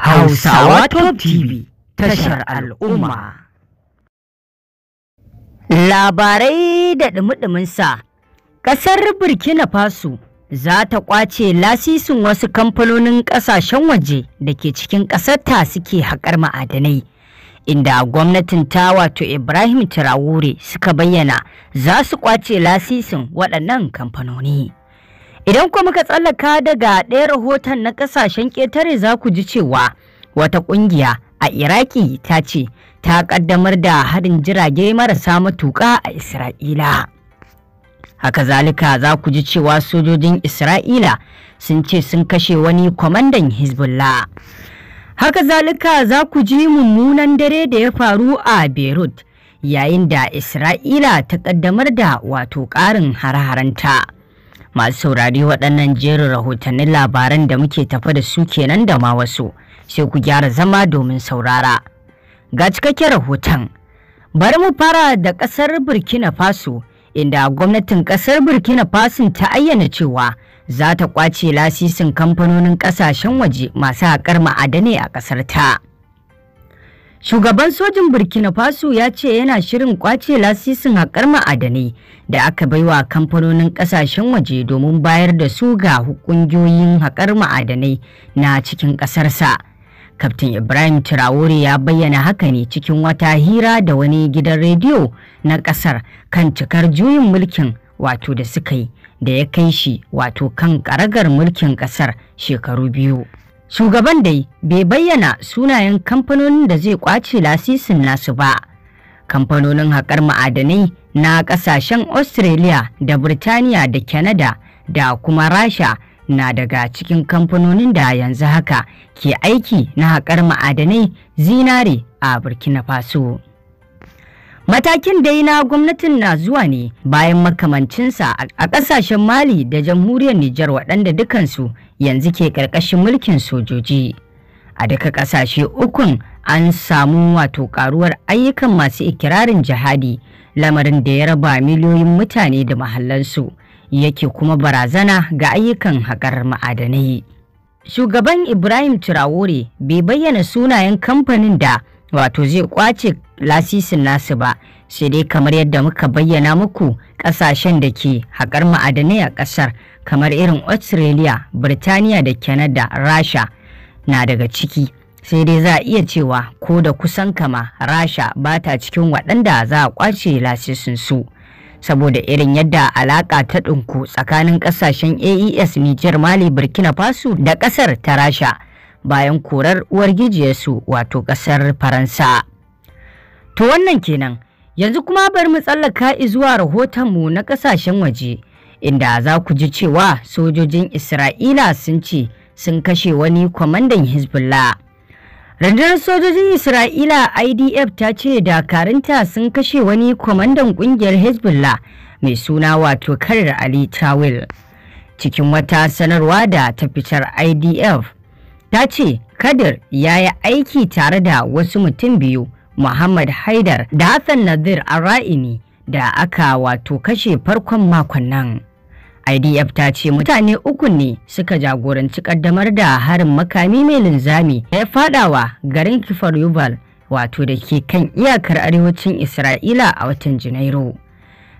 Hausawa Top TV tashar al'umma. Labarai da ɗumi sa ƙasar Burkina Faso za ta ƙwace lasisin wasu kamfanonin ƙasashen waje da ke cikin ƙasarta suke haƙar ma'adanai. Inda gwamnatin ta wato Ibrahim Traore suka bayyana za su ƙwace lasisin waɗannan kamfanoni. Idan kuma muka tsallaka daga ɗaya rahoton na ƙasashen ƙetare za ku ji cewa wata ƙungiya a Iraki ta ce ta ƙaddamar da harin jirage marasa matuƙa a Isra'ila. Haka zalika za ku ji cewa sojojin Isra'ila sun ce sun kashe wani kwamandan Hezbollah. Haka zalika za ku ji mummunan dare da ya faru a Beirut yayin da Isra'ila ta ƙaddamar da wato ƙarin har-haranta. masu saurari waɗannan jerin rahotannin labaran da muke tafa da su kenan da ma wasu sai ku gyara zama domin saurara ga cikakken rahoton bari mu fara da ƙasar burkina faso inda gwamnatin ƙasar burkina faso ta ayyana cewa za ta kwace lasisin kamfanonin ƙasashen waje masu haƙar ma'adanai a ƙasar ta. Shugaban sojin Burkina Faso ya ce yana shirin kwace lasisin haƙar ma'adanai da aka bai wa kamfanonin ƙasashen waje domin bayar da su ga hukungiyoyin haƙar ma'adanai na cikin ƙasarsa. Kaftin Ibrahim Traore ya bayyana haka ne cikin wata hira da wani gidan rediyo na ƙasar kan cikar juyin mulkin wato da suka yi da ya kai shi wato kan ƙaragar mulkin ƙasar shekaru biyu. Shugaban dai bai bayyana sunayen kamfanonin da zai kwace lasisin nasu ba. Kamfanonin haƙar ma'adanai na ƙasashen Australia da Birtaniya da Canada da kuma Rasha na daga cikin kamfanonin da yanzu haka ke aiki na haƙar ma'adanai zinare a Burkina Faso. Matakin yi na gwamnatin na zuwa ne bayan makamancinsa a ƙasashen Mali da jamhuriyar Nijar waɗanda dukansu yanzu ke ƙarƙashin mulkin sojoji. A duka ƙasashe ukun an samu wato ƙaruwar ayyukan masu ikirarin jihadi lamarin da ya raba miliyoyin mutane da mahallansu yake kuma barazana ga ayyukan haƙar ma'adanai. Shugaban Ibrahim Turawore bai bayyana sunayen kamfanin da wato zai kwace lasisin nasu ba sai dai kamar yadda muka bayyana muku kasashen da ke haƙar ma'adanai a ƙasar kamar irin australia birtaniya da canada rasha na daga ciki sai dai za a iya cewa ko da kusan kama rasha ba ta cikin waɗanda za a kwace lasisin su saboda irin yadda alaƙa ta ɗinku tsakanin ƙasashen aes niger mali burkina faso da ƙasar ta rasha bayan korar uwargijiyarsu wato ƙasar Faransa. To wannan kenan, yanzu kuma bari mu tsallaka zuwa rahotonmu na ƙasashen waje, inda za ku ji cewa sojojin Isra'ila sun ce sun kashe wani kwamandan Hezbollah. Rundunar sojojin Isra'ila IDF ta ce dakarunta sun kashe wani kwamandan ƙungiyar Hezbollah mai suna wato Karir Ali Tawil. Cikin wata sanarwa da ta fitar IDF. ta ce Kadir ya yi aiki tare da wasu mutum biyu Muhammad Haidar da Hassan Nazir Ara'ini da aka wato kashe farkon makon nan. IDF ta ce mutane uku ne suka jagoranci kaddamar da harin makami mai linzami ya fadawa garin Kifar Yuval wato da ke kan iyakar arewacin Isra'ila a watan Janairu.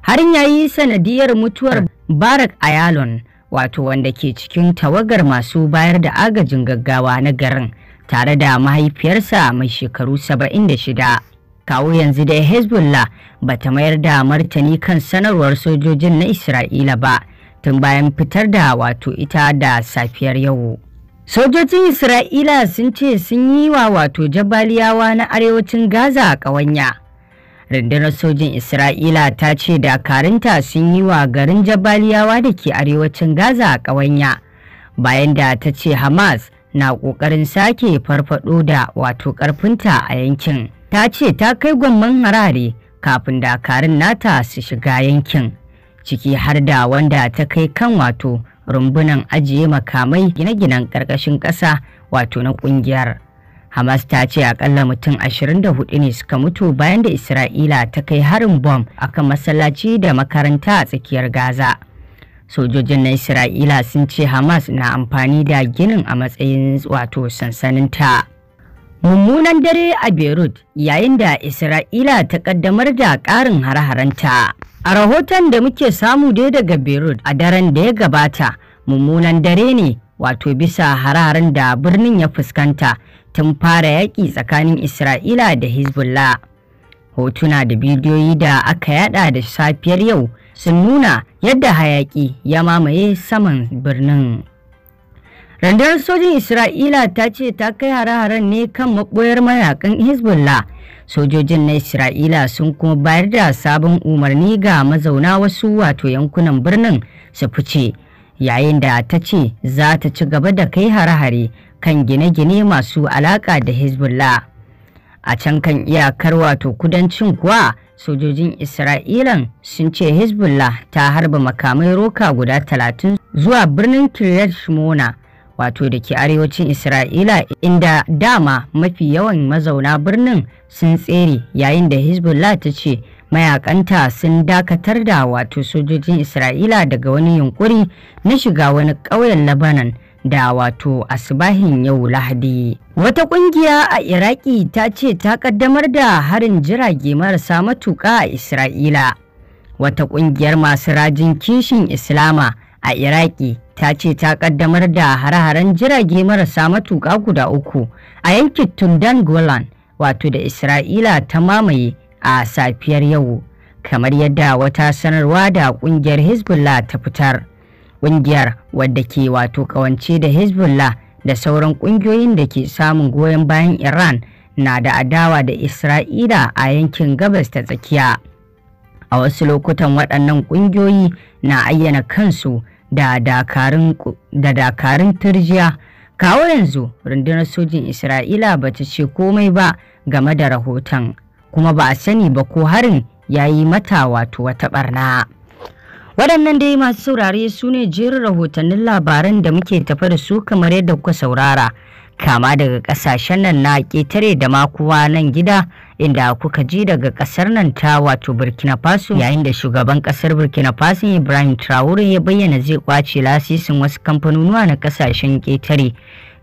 Harin ya yi sanadiyar mutuwar Barak Ayalon wato wanda ke cikin tawagar masu bayar da agajin gaggawa na garin tare da mahaifiyarsa mai shekaru 76 kawo yanzu da hezbollah ba ta mayar da martani kan sanarwar sojojin na isra'ila ba tun bayan fitar da wato ita da safiyar yau sojojin isra'ila sun ce sun yi wa wato jabaliyawa na arewacin gaza a ƙawanya rundunar sojin isra'ila ta ce dakarunta sun yi wa garin jabaliyawa da ke arewacin gaza a ƙawanya bayan da ta ce hamas na ƙoƙarin sake farfaɗo da wato ƙarfinta a yankin ta ce ta kai gwamman harare kafin dakarun nata su shiga yankin ciki har da wanda ta kai kan wato rumbunan ajiye makamai gine-ginen ƙarƙashin ƙasa wato na ƙungiyar. Hamas ta ce akalla mutum 24 ne suka mutu bayan da Isra'ila ta kai harin bom a kan masallaci da makaranta a tsakiyar Gaza. Sojojin na Isra'ila sun ce Hamas na amfani da ginin a matsayin wato sansaninta. Mummunan dare a Beirut yayin da Isra'ila ta kaddamar da ƙarin har-haranta. A rahoton da muke samu dai daga Beirut a daren da ya gabata, mummunan dare ne wato bisa hararen da birnin ya fuskanta tun fara yaƙi tsakanin Isra'ila da Hezbollah. Hotuna da bidiyoyi da aka yada da safiyar yau sun nuna yadda hayaƙi ya mamaye saman birnin. Rundunar sojin Isra'ila ta ce ta kai hare-haren ne kan maɓoyar mayakan Hezbollah. Sojojin na Isra'ila sun kuma bayar da sabon umarni ga mazauna wasu wato yankunan birnin su fice, yayin da ta ce za ta ci gaba da kai hare-hare kan gine-gine masu alaƙa da Hezbollah. A can kan iyakar wato kudancin kuwa sojojin Isra'ilan sun ce Hezbollah ta harba makamai roka guda talatin zuwa birnin Kiryat Shimona wato da ke arewacin Isra'ila inda dama mafi yawan mazauna birnin sun tsere yayin da Hezbollah ta ce mayakanta sun dakatar da wato sojojin Isra'ila daga wani yunkuri na shiga wani ƙauyen Lebanon. da wato asibahin yau lahadi wata kungiya a iraki ta ce ta kaddamar da harin jirage marasa matuka a isra'ila wata kungiyar masu rajin kishin islama a iraki ta ce ta kaddamar da hare-haren jirage marasa matuka guda uku a yankin tundan golan wato da isra'ila ta mamaye a safiyar yau kamar yadda wata sanarwa da kungiyar hezbollah ta fitar kungiyar wadda ke wato kawance da hezbollah da sauran kungiyoyin da ke samun goyon bayan iran na da adawa da isra'ila a yankin gabas ta tsakiya a wasu lokutan waɗannan ƙungiyoyi na ayyana kansu da dakarun turjiya kawo yanzu rundunar sojin isra'ila ba ta ce komai ba game da rahoton kuma ba a sani ba ko harin ya yi mata wato wata barna. Waɗannan dai masu saurare su ne jerin rahotannin labaran da muke tafa da su kamar yadda kuka saurara. Kama daga ƙasashen nan na ƙetare da makuwa nan gida inda kuka ji daga ƙasar nan ta wato Burkina Faso yayin da shugaban ƙasar Burkina Faso Ibrahim Traore ya bayyana zai kwace lasisin wasu kamfanonuwa na ƙasashen ƙetare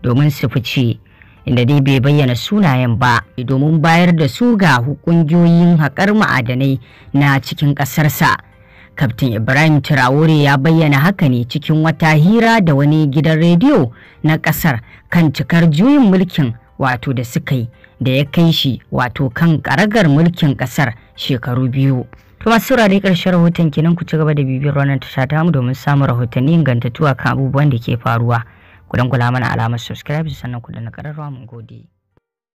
domin su fice. inda dai bai bayyana sunayen ba domin bayar da su ga ƙungiyoyin haƙar ma'adanai na cikin ƙasarsa Kaftin Ibrahim Traore ya bayyana haka ne cikin wata hira da wani gidan rediyo na ƙasar kan cikar juyin mulkin wato da suka yi da ya kai shi wato kan ƙaragar mulkin ƙasar shekaru biyu. To masu saurare ƙarshen rahoton kenan ku ci gaba da bibiyar wannan tasha ta mu domin samun rahotanni ingantattu kan abubuwan da ke faruwa. Ku dan mana alamar subscribe sannan ku da na ƙararrawa mun gode.